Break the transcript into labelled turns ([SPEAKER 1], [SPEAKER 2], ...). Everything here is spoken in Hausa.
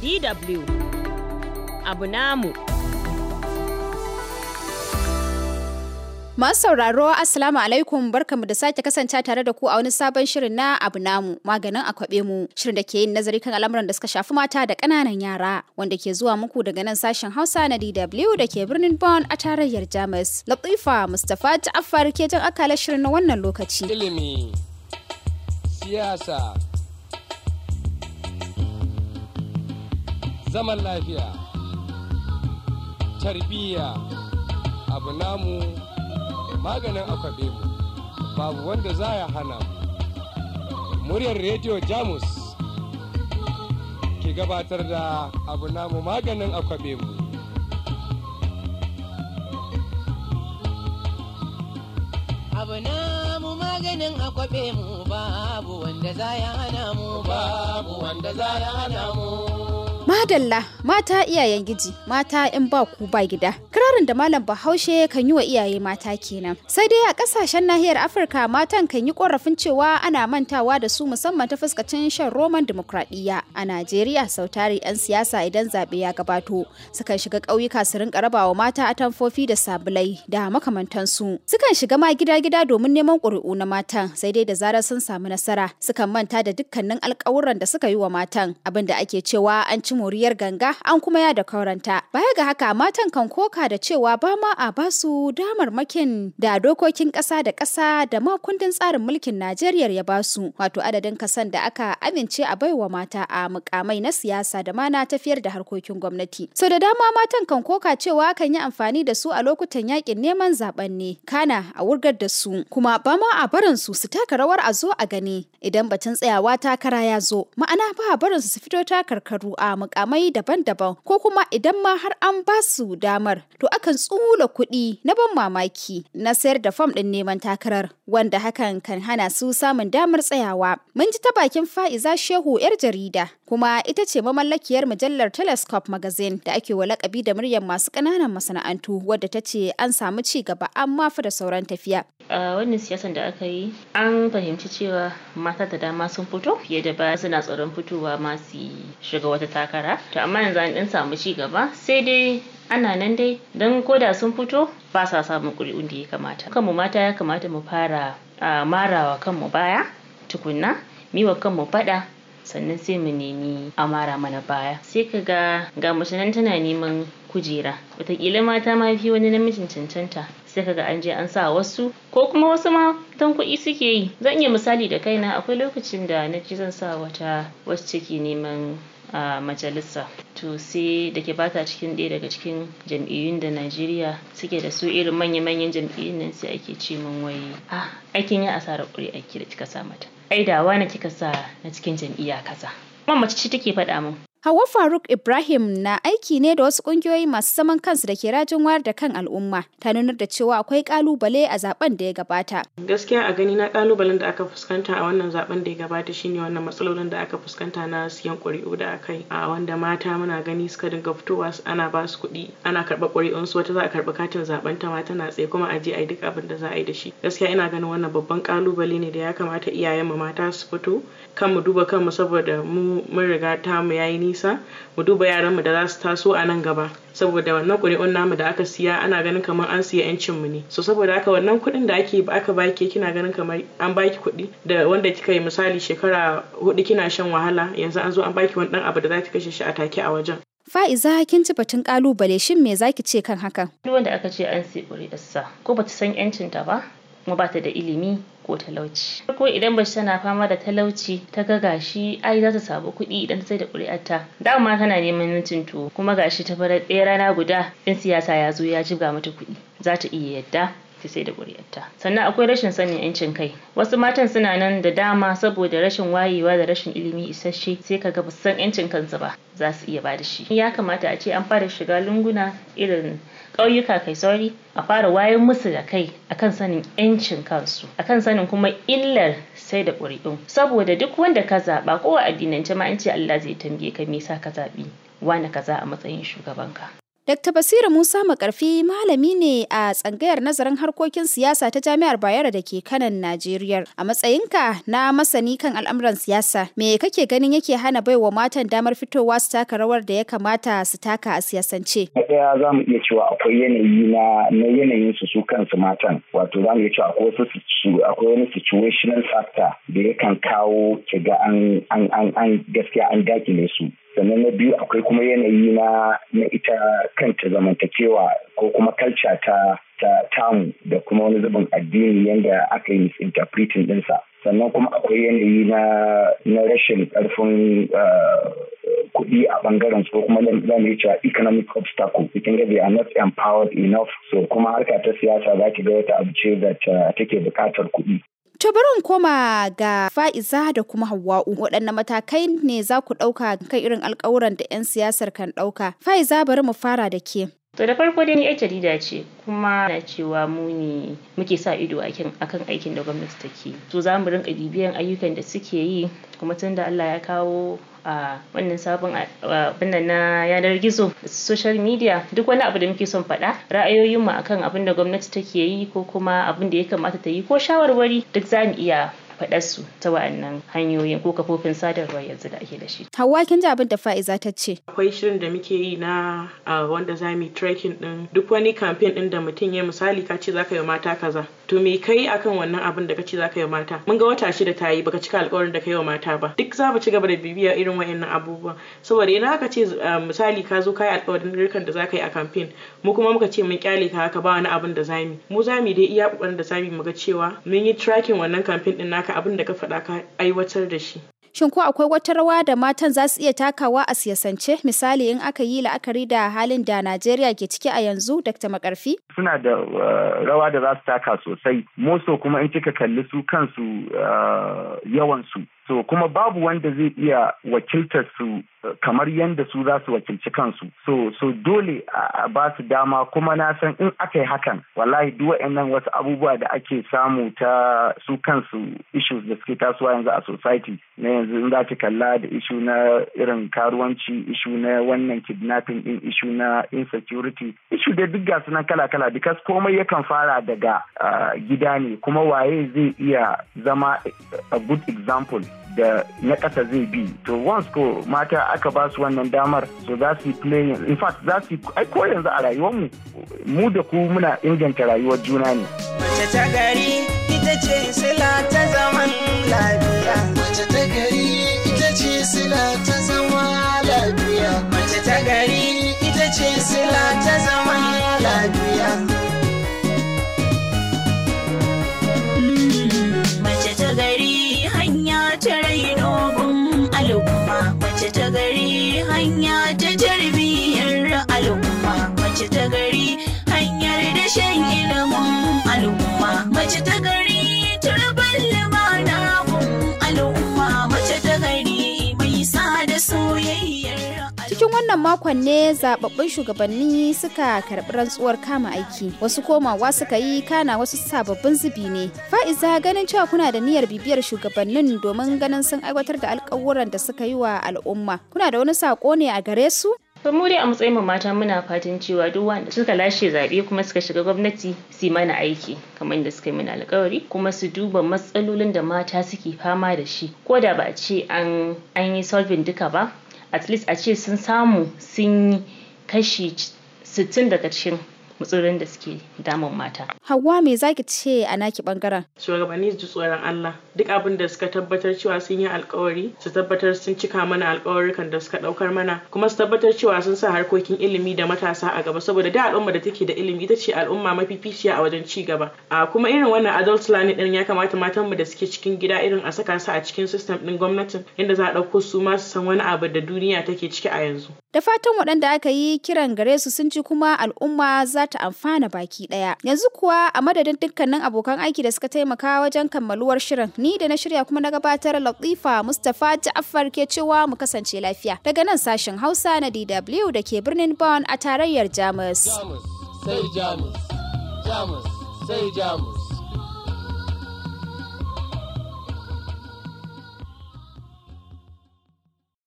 [SPEAKER 1] DW abu namu.
[SPEAKER 2] Masu sauraro Assalamu alaikum barkamu da sake kasance tare da ku a wani sabon shirin na abu namu maganin akwabe mu shirin da ke yin nazari kan al'amuran da suka shafi mata da kananan yara wanda ke zuwa muku daga nan sashen Hausa na DW da ke birnin Bonn a tarayyar Jamus. Latifa Mustapha ta afar ke jan akalar shirin na wannan lokaci.
[SPEAKER 3] Ilimi, siyasa, zaman lafiya tarbiyya abu namu maganin akwabe mu babu wanda za ya hana mu muryar rediyo jamus ke gabatar da abu namu maganin akwabe mu
[SPEAKER 4] abu namu maganin akwabe mu babu wanda za ya hana mu babu wanda za ya hana mu
[SPEAKER 2] Madalla mata iyayen giji mata in ba ku ba gida. Kirarin da malam Bahaushe kan yi wa iyaye mata kenan. Sai dai a kasashen nahiyar Afirka matan kan yi korafin cewa ana mantawa da su musamman ta fuskacin shan roman demokradiyya. A Najeriya sautari 'yan siyasa idan zaɓe ya gabato sukan shiga ƙauyuka su rinka raba wa mata atamfofi da sabulai da makamantansu. Sukan shiga ma gida-gida domin neman ƙuri'u na matan sai dai da zarar sun samu nasara sukan manta da dukkanin alƙawuran da suka yi wa matan abinda ake cewa an ci moriyar ganga an kuma ya da kauranta. Baya ga haka matan kan koka da cewa ba ma a ba su makin da dokokin ƙasa da ƙasa da ma kundin tsarin mulkin Najeriya ya ba su wato adadin kasan da aka amince a baiwa mata a mukamai na siyasa da ma na tafiyar da harkokin gwamnati. So da dama matan kan koka cewa kan yi amfani da su a lokutan yakin neman zaben ne kana a wurgar da su kuma ba ma a barin su su taka rawar a zo a gani idan batun tsayawa takara ya zo ma'ana ba a barin su su fito takarkaru a mukamai daban-daban ko kuma idan ma har an ba su damar to akan tsula kuɗi na ban mamaki na sayar da fam ɗin neman takarar wanda hakan kan hana su samun damar tsayawa. Mun ji ta bakin Fa'iza Shehu 'yar jarida kuma ita ce mamallakiyar mujallar Telescope Magazine da ake wa lakabi da muryar masu ƙananan masana'antu wadda ta ce an samu ci gaba amma fa da sauran tafiya.
[SPEAKER 1] A wannan siyasan da aka yi an fahimci cewa mata da dama sun fito fiye da ba suna tsoron fitowa masu shiga wata takara. takara to amma yanzu an ɗan samu ci gaba sai dai ana nan dai don koda sun fito ba sa samun ƙuri'un da ya kamata kanmu mata ya kamata mu fara marawa kanmu baya tukunna miwa kanmu faɗa sannan sai mu nemi a mara mana baya sai ka ga ga mace nan tana neman kujera wataƙila mata ma fi wani namijin cancanta sai kaga an je an sa wasu ko kuma wasu ma don kuɗi suke yi zan iya misali da kaina akwai lokacin da na ji zan sa wata wasu ciki neman a majalisa to sai da ke bata cikin ɗaya daga cikin jam'iyyun da najeriya suke da su irin manya-manyan jam'iyyun nan sai ake ce min wai ah aikin ya asarar aiki da kika sa mata ai da na kika sa na cikin jam'iyya kaza kuma mace ce take faɗa min
[SPEAKER 2] Hawa Faruk Ibrahim na aiki ne da wasu kungiyoyi masu zaman kansu da ke rajin wayar da kan al'umma, ta nunar da cewa akwai kalubale a zaben da ya gabata.
[SPEAKER 4] Gaskiya a gani na kalubalen da aka fuskanta a wannan zaben da ya gabata shine wannan matsalolin da aka fuskanta na siyan ƙuri'u da aka yi, a wanda mata muna gani suka dinga fitowa ana ba su kuɗi, ana karɓa ƙuri'un su wata za a karɓi katin zaben ta ma tana tsaye kuma a je a yi duk abin da za a yi da shi. Gaskiya ina ganin wannan babban kalubale ne da ya kamata iyayen mu mata su fito, kan mu duba kanmu saboda mu mun riga tamu yayi nisa mu duba yaran mu da za su taso a nan gaba saboda wannan ƙuri'un namu da aka siya ana ganin kamar an siya yancin mu ne so saboda haka wannan kuɗin da ake aka baki kina ganin kamar an baki kuɗi da wanda kika yi misali shekara hudu kina shan wahala yanzu an zo an baki wani dan abu da za ki kashe shi a take a wajen
[SPEAKER 2] Fa'iza kin ci batun kalubale
[SPEAKER 1] shin me zaki ce kan hakan? Duk wanda aka ce an sai ƙuri'arsa ko bata san 'yancin ta ba kuma ba ta da ilimi ko talauci farko idan mace tana fama da talauci ta ga gashi ai za ta samu kuɗi idan ta sai da amma tana neman mintin tuwo kuma gashi ta bar ɗaya rana guda ɗin siyasa ya zo ya jibga mata kuɗi za ta iya yadda ta sai da ƙuri'arta sannan akwai rashin sanin yancin kai wasu matan suna nan da dama saboda rashin wayewa da rashin ilimi isasshe sai ka ga san yancin kansu ba za su iya ba da shi ya kamata a ce an fara shiga lunguna irin ƙauyuka kai sauri a fara wayar musu da kai akan sanin 'yancin kansu akan sanin kuma illar sai da ƙuri'un. saboda duk wanda ka zaɓa ko a addinance ma an ce Allah zai tambaye ka me yasa ka zaɓi wani kaza a matsayin shugabanka
[SPEAKER 2] Dr. basira Musa Makarfi malami ne a tsangayar nazarin harkokin siyasa ta Jami'ar Bayero da ke kanan Najeriya. A matsayinka na masani kan al'amuran siyasa, me kake ganin yake hana baiwa matan damar fitowa su taka rawar da ya kamata su taka a siyasance? Na
[SPEAKER 3] ɗaya za mu iya cewa akwai yanayi na na yanayin su su kansu matan. Wato za mu iya cewa akwai wani situational factor da yakan kawo kiga an gaskiya an dakile su. sannan na biyu akwai kuma yanayi na na ita kanta zamantakewa ko kuma kalca ta ta tamu da kuma wani zubin addini yadda aka yi interpreting dinsa sannan kuma akwai yanayi na rashin karfin eh, kuɗi a bangaren ko kuma za mu cewa economic obstacle cikin gaji are not empowered enough so kuma harka ta siyasa za ki ga wata abu ce da eh, take buƙatar kuɗi
[SPEAKER 2] To bari in koma ga Fa'iza da kuma Hawwa'u waɗanne matakai ne za ku ɗauka kan irin alƙawuran da 'yan siyasar kan ɗauka. Fa'iza bari mu fara da ke.
[SPEAKER 1] To da farko dai ni 'yar jarida ce kuma na cewa mu ne muke sa ido akan aikin da gwamnati take yi. To za mu rinƙa bibiyan ayyukan da suke yi kuma tun da Allah ya kawo a wannan sabon abin na yanar gizo social media duk wani abu da muke son faɗa ra'ayoyinmu akan abin da gwamnati take yi ko kuma abin da ya kamata ta yi ko shawarwari duk za mu iya faɗar su ta wa'annan hanyoyin ko kafofin sadarwa yanzu
[SPEAKER 4] da ake da shi. Hauwa kin ji abin da Fa'iza ta ce. Akwai shirin da muke yi na wanda za mu trekking din duk wani campaign din da mutum ya misali ka ce ka yi mata kaza. To me kai akan wannan abin da ka ce za ka yi mata? Mun ga wata shida ta yi baka cika alƙawarin da ka yi wa mata ba. Duk za mu ci gaba da bibiya irin wa'annan abubuwa. Saboda ina ka ce misali ka zo ka yi alƙawarin rikan da za ka yi a campaign mu kuma muka ce mun kyale ka haka ba wani abin da za mu zamu dai iya ƙoƙarin da zamu mu ga cewa mun yi tracking wannan campaign din naka ka abin da ka faɗa ka aiwatar da shi
[SPEAKER 2] Shin ko akwai wata rawa da matan za su iya takawa a siyasance misali in aka yi la'akari da halin da Najeriya ke ciki a yanzu Dr. Makarfi?
[SPEAKER 3] Suna da eh, rawa da za su taka sosai. Moso kuma in kika kalli su kansu eh, yawansu. su so kuma babu wanda zai iya wakiltar su eh, kamar yadda su za su wakilci kansu so so dole a ba su dama kuma na san in aka yi hakan wallahi duk wa'annan wasu abubuwa da ake samu ta su kansu issues da suke tasowa yanzu a society na yanzu in za ki kalla da ishu na irin karuwanci ishu na wannan kidnapping din ishu na insecurity ishu da duk gasu nan kala kala because komai yakan fara daga ah, gida ne kuma waye zai iya zama a good example da na ƙasa zai bi to once ko mata aka ba su wannan damar so za su play in fact za su ai ko yanzu a rayuwar mu mu da ku muna inganta rayuwar juna ne
[SPEAKER 1] mace ta gari ita ce sila ta zaman lafiya mace ta gari ita ce sila ta zaman lafiya mace ta gari ita ce sila ta zaman lafiya
[SPEAKER 2] Cikin wannan makon ne zababbun shugabanni suka karɓi rantsuwar kama aiki, wasu komawa suka yi kana wasu sababbin zubi ne. Fa'iza ganin cewa kuna da niyyar bibiyar shugabannin domin ganin sun aiwatar da alƙawuran da suka yi wa al'umma. Kuna da wani sako ne a gare su?
[SPEAKER 1] To mu dai a matsayin mu mata muna fatan cewa duk wanda suka lashe zaɓe kuma suka shiga gwamnati su mana aiki kamar yadda suka yi mana alƙawari kuma su duba matsalolin da mata suke fama da shi ko da ba a ce an an yi solving duka ba at least a ce sun samu sun yi kashi sittin
[SPEAKER 4] daga cikin matsalolin da suke damun mata.
[SPEAKER 2] Hauwa me zaki ce a naki bangaren?
[SPEAKER 4] Shugabanni ji tsoron Allah duk abin da suka tabbatar cewa sun yi alkawari su tabbatar sun cika mana alkawarikan da suka daukar mana kuma su tabbatar cewa sun sa harkokin ilimi da matasa a gaba saboda da al'umma da take da ilimi ita ce al'umma mafi fifiya a wajen ci gaba. A kuma irin wannan adult learning din ya kamata matan mu da suke cikin gida irin a saka su a cikin system din gwamnatin inda za a dauko su ma su san wani abu da duniya take ciki a yanzu.
[SPEAKER 2] Da fatan waɗanda aka yi kiran gare su sun ji kuma al'umma za ta amfana baki ɗaya. Yanzu kuwa a madadin dukkanin abokan aiki da suka taimaka wajen kammaluwar shirin ni da na shirya kuma na gabatar Latifa Mustapha Ja'afar ke cewa mu kasance lafiya. Daga nan sashen Hausa na DW da ke birnin Bonn a tarayyar Jamus. Jamus Jamus, Jamus sai Jamus.